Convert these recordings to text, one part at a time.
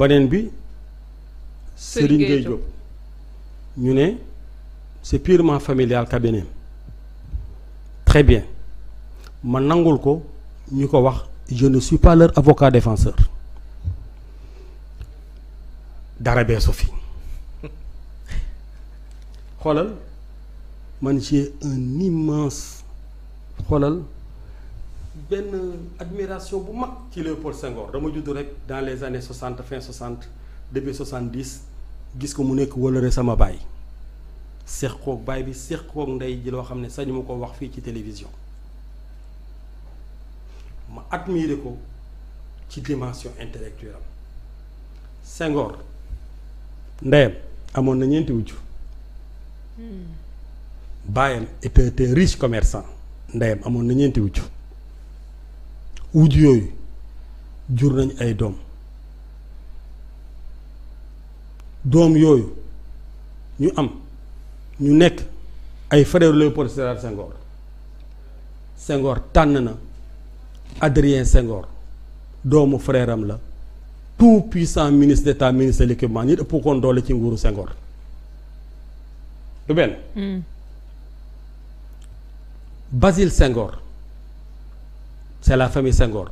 baneen bi Serigne Gueye ñu ne c'est purement familial cabinet très bien ma nangul ko ñu ko wax jeune ne suis pas leur avocat défenseur dara beesu fi xoolal man j'ai un immense xoolal benn admiration bu mag ci Léopold Senghor dama judd rek dans les années soixante fin soixante début soixante dix gis ko mu nekk wëlëre sama baay seex koog baay bi seex koog ndey ji loo xam ne sañu ma ko wax fii ci télévision ma admiré ko ci dimension intellectuelle am Senghor ndeyam amoon na ñeenti wujj hmm. baayam était riche commerçant ndeyam amoon na ñeenti wujj wujj yooyu jur nañ ay doom doom yooyu ñu am ñu nekk ay frère Léopold Sédar Senghor Senghor tànn na Adrien sengoor doomu frère am la tout puissant ministre d'état ministre de l'équipement ñi ëpp koon doole ci nguuru Senghor du benn mm. Basile Senghor c'est la famille sengoor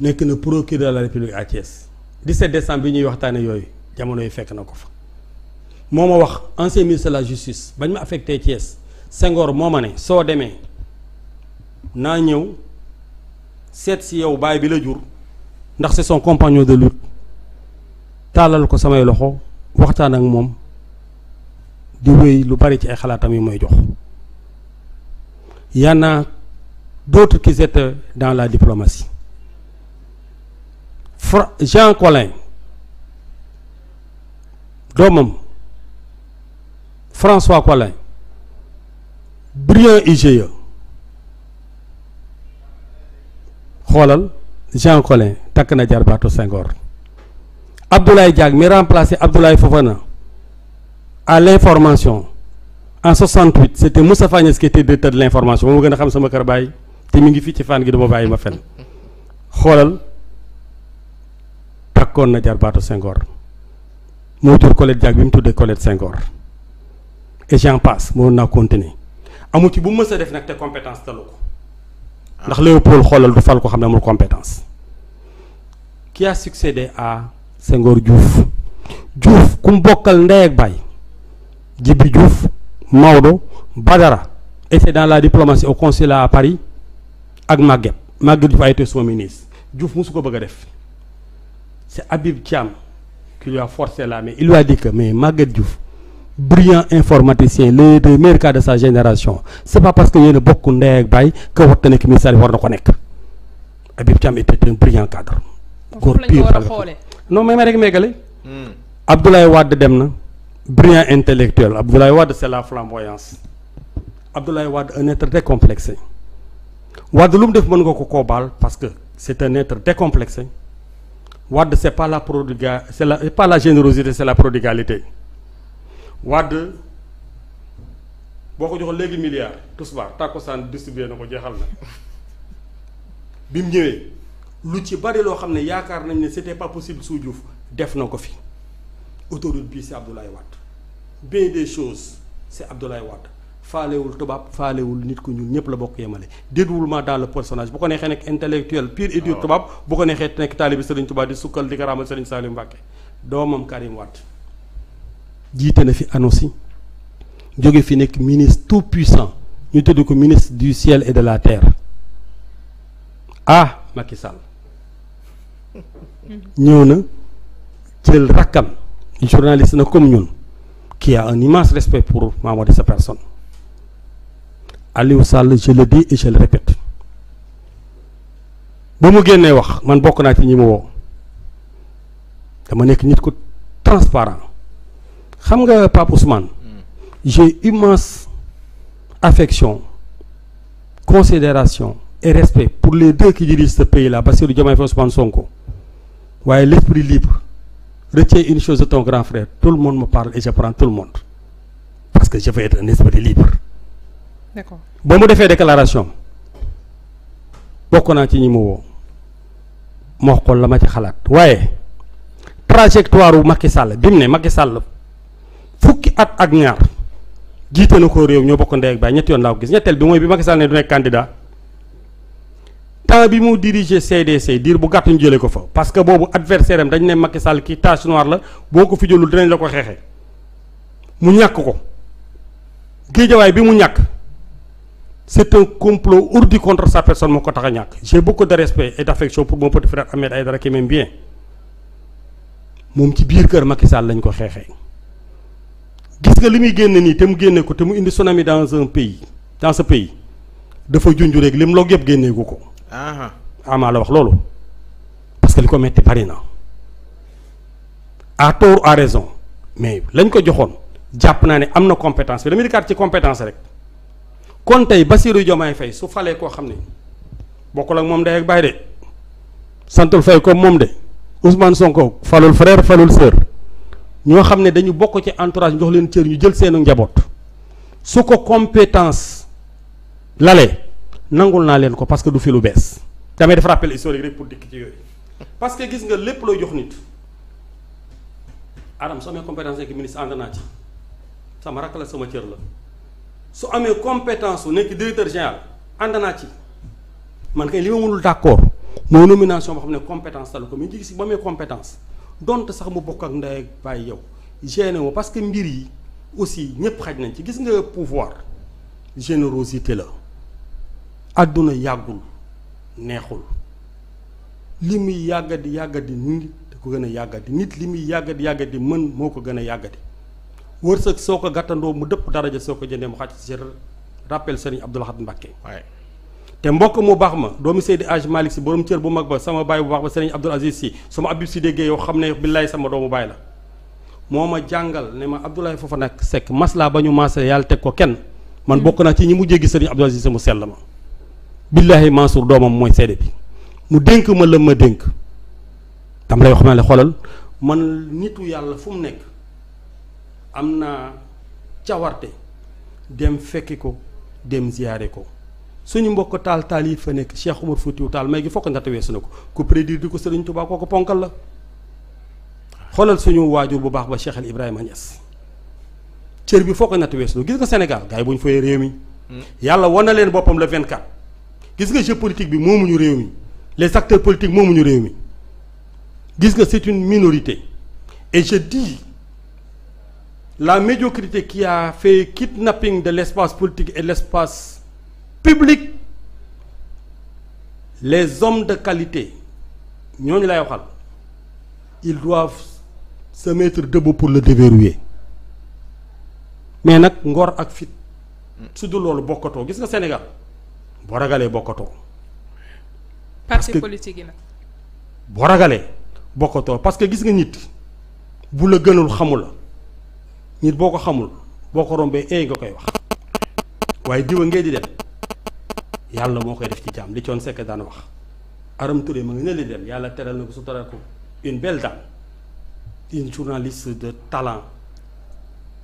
nekk na procureur la république à Thiès 17 décembre bi ñuy waxtaane yooyu jamono yi fekk na ko fa moo ma wax ancien ministre de la justice bañ ma affecté Thiès Senghor moo ma ne soo demee naa ñëw seet si yow baay bi la jur ndax c'est son compagnon de lutte tàllal ko samay loxo waxtaan ak moom di wéy lu bari ci ay xalaatam yi mooy jox yanaa d'autres qui étaient dans la diplomatie Fra Jean Collin doomam François Collin brillant IGE xoolal Jean Collin takk na jarbaatu Senghor Abdoulaye Diack mi remplacé Abdoulaye Fofana à l'information en 68 c'était Moussa Fagnès qui était directeur de l'information moom ma gën a xam sama kër baay te mi ngi fii ci fan gi dama bàyyi ma fen xoolal takkoon na jarbaatu Senghor moo jur Colette Diack bi mu tuddee Colette Senghor et j'en passe naa continuer amu ci bu mës a def nag te compétence talu ko ndax Léopold xoolal du fal ko xam ne amul compétence qui a succédé à sengoor Diouf Diouf ku mu bokkal ndey ak baay Djibi Diouf Maodo Badara était dans la diplomatie au consulat à Paris ak màgget Maguette Diouf a été son ministre Diouf mosu ko bëgg def c'est Habib Thiam qui lui a forcé la mais il lui a mais màgget Diouf brillant informaticien l'un des meilleurs cadres de sa génération c'est pas parce que yéen a bokk ndey ak baay que war nekk ministère war na ko nekk Habib Thiam était un brillant cadre. góor pire non mais may rek meegale. Hmm. Abdoulaye Wade dem na. brillant intellectuel Abdoulaye Wade c'est la flamboyance Abdoulaye Wade un être Wade lu mu def mën nga ko koo baal parce que c' est un être décomplexé Wade c' est pas la prodiga c' est la c' est pas la générosité c' est la prodigalité Wade boo ko jox léegi milliard tusbaar tàkkusaan distribué na ko jeexal na bi mu ñëwee lu ci bari loo xam ne yaakaar nañ ne c' était pas possible su Diouf def na ko fi autoroute bi c' est Abdoulaye Wade est Abdoulaye Wade. faalewul tubaab faalewul nit ku ñuul ñëpp la bokk yemale dédoublement dans le personnage bu ko neexee nekk intellectuel pur et dur tubaab bu ko neexee nekk taalibi Serigne Touba di sukkal di ko raamal Serigne Saliou Mbacké doomam Karim Wade jiite na fi ANOCI jóge fi nekk ministre tout puissant ñu tudd ko ministre du ciel et de la terre ah Macky Sall ñëw na jël rakkam journaliste na comme ñun qui a un immense respect pour Mamadou sa personne Aliou Sall je le dis et je le mu génnee wax man bokk naa ti ñi mu woo dama nekk nit ko transparent xam nga Pape Ousmane hmm. j'ai immense affection considération et respect pour les deux qui dirigent ce pays là Bassirou Diomaye Faye Ousmane Sonko waaye l'esprit libre retiens une chose de ton grand frère tout le monde me parle et je prends tout le monde parce que je veux être un libre d'accord ba mu defee déclaration bokk naa ci ñi mu woo moo xool la ma ci xalaat waaye trajectoire wu Macky Sall bi mu ne Macky sàll fukki at ak ñaar jiite na ko réew ñoo bokk ndee ak baay ñetti yoon laa ko gis ñetteel bi bi Macky Sall ne du nekk candidat bi mu diriger CDC diir bu gàtt ñu jële ko fa parce que boobu adversaire am dañ ne Macky sàll kii tache noire la boo ko fi jëlul dinañ la ko xeexee mu ñàkk ko géejawaay bi mu ñàkk. c'est un complot ourdi contre sa personne moo ko tax a ñàkk j'ai ko de respect et d'affection pour mon petit frère Ahmed Aïdara qui m'aime bien moom ci biir kër Macky Sall lañ ko xeexee gis nga li muy génne nii te mu génne ko te mu indi tsunami dans un pays dans ce pays dafa junj rek lim loog yëpp génneeku ko. amaa la wax loolu parce li ko metti bari na à tort à raison mais lañ ko joxoon jàpp naa ne am na compétence bi damay dikkaat ci compétence rek. kon tey Bassirou Diomaye Faye su falee koo xam ne bokkul ak moom day ak baay de santul Faye comme moom de Ousmane sonk falul frère falul sœur ñoo xam ne dañu bokk ci entourage jox leen cër ñu jël seenu njaboot su ko compétence lalee nangul naa leen ko parce que du fi lu bees damay def rappel historique rek pour dikk ci yooyu parce que gis nga lépp loo jox nit Adam soo amee compétence nekk ministre ànd naa ci sama rakk la sama cër la su amee compétence su nekk directeur général ànd naa ci man kay li ma mënul d'accord moo nomination boo xam ne compétence talu ko mais jigi si ba amee compétence dont sax mu bokk ak ndey ak bàyyi yow gêné wu parce que mbir yi aussi ñëpp xaj nañ ci gis nga pouvoir générosité la àdduna yàggul neexul li muy yàggadi yàggadi nit da ko gën a yàggadi nit li muy yàggadi yàggadi mën moo ko gën a yàggadi wërsëg soo ko gàttandoo mu dëpp daraja soo ko jëndee mu xàcc si rappel sëriñ Abdou Lahad Mbacké waaye te mbokk mu baax ma doomu Seydi Aj Malick si borom cër bu mag ba baay bu ba sëriñ Abdoul Aziz si sama abib si déggee yow xam ne billaay sama doomu baay la moo ma jàngal ne ma Abdoulaye foofa nag sekk maslaa ba ñu maasee yàlla teg ko kenn man bokk naa ci ñi mujjee gis sëriñ Abdoul Aziz si mu sell ma billahi Mansour doomam mooy seede bi mu dénk ma la ma dénk dam lay wax ma ne xoolal man nitu yàlla fu mu nekk am na cawarte dem fekki ko dem ziyaare ko suñu mbokk taal taal yi fa nekk Cheikh Umar Foutiou Taal may gi fokk natt weesu na ko ku prédire di ko Sëriñ Tuubaa kooku ponkal la xoolal suñu waajur bu baax ba Cheikh al Ibrahima Niass cër bi fokk natt weesu na gis nga Sénégal gars yi bu ñu fooyee réew mi. Hmm. yàlla wan na leen boppam le 24. gis nga jeu politique bi ñu réew mi les acteurs moomu ñu réew mi gis nga c'est une minorité et je dis. la médiocrité qui a fait kidnapping de l'espace politique et l'espace public les hommes de qualité ñooñu lay waxal ils doivent se mettre debout pour le déverrouiller mais nag ngor ak fit su dul loolu bokkatoo gis nga Sénégal boo ragalee bokkatoo. parce que parti politique yi boo ragalee bokkatoo parce que gis nga nit bu la gënul xamu la. nit boo ko xamul boo ko rombee eey nga koy wax waaye diwa ngeen di dem yàlla moo koy def ci jaam li coon sekk daan wax aram Touré ma nga ne dem yàlla teral na ko su taral ko une belle dame une journaliste de talent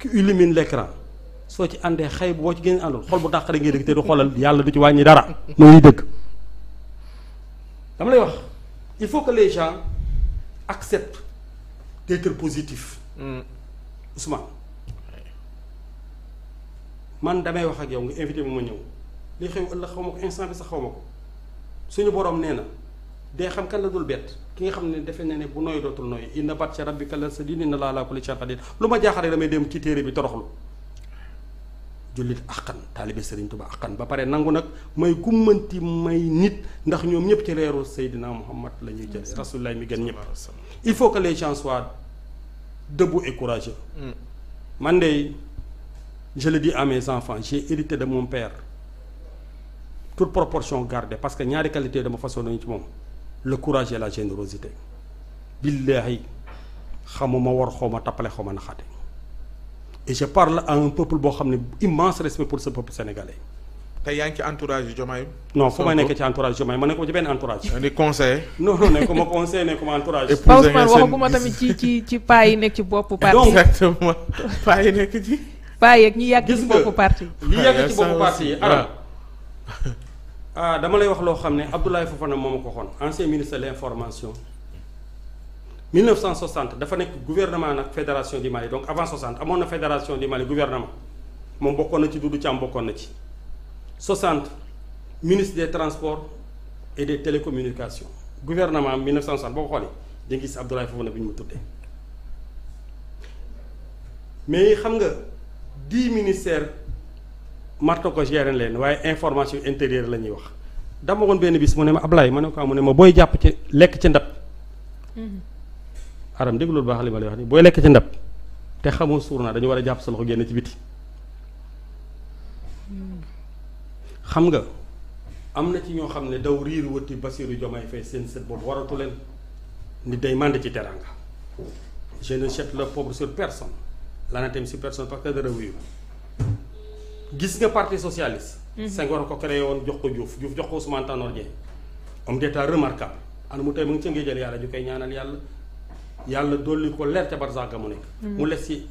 qui illumine l'écran soo ci àndee xay boo ci gën a àndul xol bu dàq rek dëgg te du xolal yàlla du ci wàññi dara mooy dëgg dama lay wax il faut que les gens acceptent d'être positifs mm. Ousmane man damay wax ak yow nga invité mu ma ñëw li xew ëllëg xaw ma ko instant bi sax xaw ma ko suñu borom nee na dee xam kan la dul bett ki nga xam ne defe ne ne bu nooy dootul nooy inna batsha rabbika la sadid inna laa alaa kulli shay'in qadiir lu ma jaaxal rek damay dem ci téere bi toroxlu jullit aqan taalibe Serigne Touba aqan ba pare nangu nag may gummanti may nit ndax ñoom ñëpp ci leeru Seydina Muhammad la ñuy jël rasulullah mi gën ñëpp il faut que les gens soient debout et courageux mm. man de je le dis à mes enfants j'ai hérité de mon père toute proportion gardée parce que ñaari qualité dama façon nañu ci moom la courage et la générosité billaahi xamuma war xawma tappale xawma naxaate et je parle à un peuple boo xam ne immense respect pour ce peuple sénégalais tey yaa ngi ci entourage yu Diomaye fu may nekk ci entourage Diomaye ma ne ko ci benn entourage ni conseil non ne ko ma conseil ne ko ma tamit ci ci ci nekk ci bopp parti exactement paa yi nekk ci paa yeeg ñi yàgg ci boppu parti ñi yàgg ci boppu parti ah dama lay wax loo xam ne Abdoulaye Fofana moo ma ko xoon ancien ministre de l'information 1960 dafa nekk gouvernement nag fédération du Mali donc avant 60 amoon na fédération du Mali gouvernement moom bokkoon na ci Doudou Thiam bokkoon na ci 60 ministre de transport et des télécommunications gouvernement 1960 boo ko xoolee di nga gis Abdoulaye Fofana bi ñu mu tuddee mais xam nga. dix ministère marto ko géré leen waaye information intérieure la ñuy wax dama woon benn bis mu ne ma Ablaye ma ne ko ah, mu ne ma booy jàpp ci lekk ci ndab mm-hmm. aram dégg loolu baax li ma lay wax ni booy lekk ci ndab te xamoo suur naa dañu war a jàpp sa loxo génn ci biti mm-hmm. xam nga am na ci ñoo xam ne daw riir wëtti Bassirou Diomaye Faye seen sët boobu waratu leen nit day mànd ci teraanga je ne jette le pauvre personne l'anathème si personne parce que dara wuyu gis nga parti socialiste. Mhm. Senghor a ko créé woon jox ko Diouf Diouf jox ko Ousmane Tanor Dieng. homme d'état remarquable ana mu tey mu ngi ca ngéejal yàlla ju koy ñaanal yàlla yàlla dolli ko leer ca barsaga mu nekk. Mhm. mu les si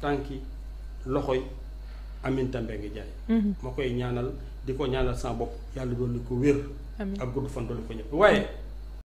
tànki loxoy Aminata Mbengue Ndiaye. Mhm. ma koy ñaanal di ko ñaanal sans bopp yàlla dolli ko wér. ak gudd fan dolli ko ñëpp waaye.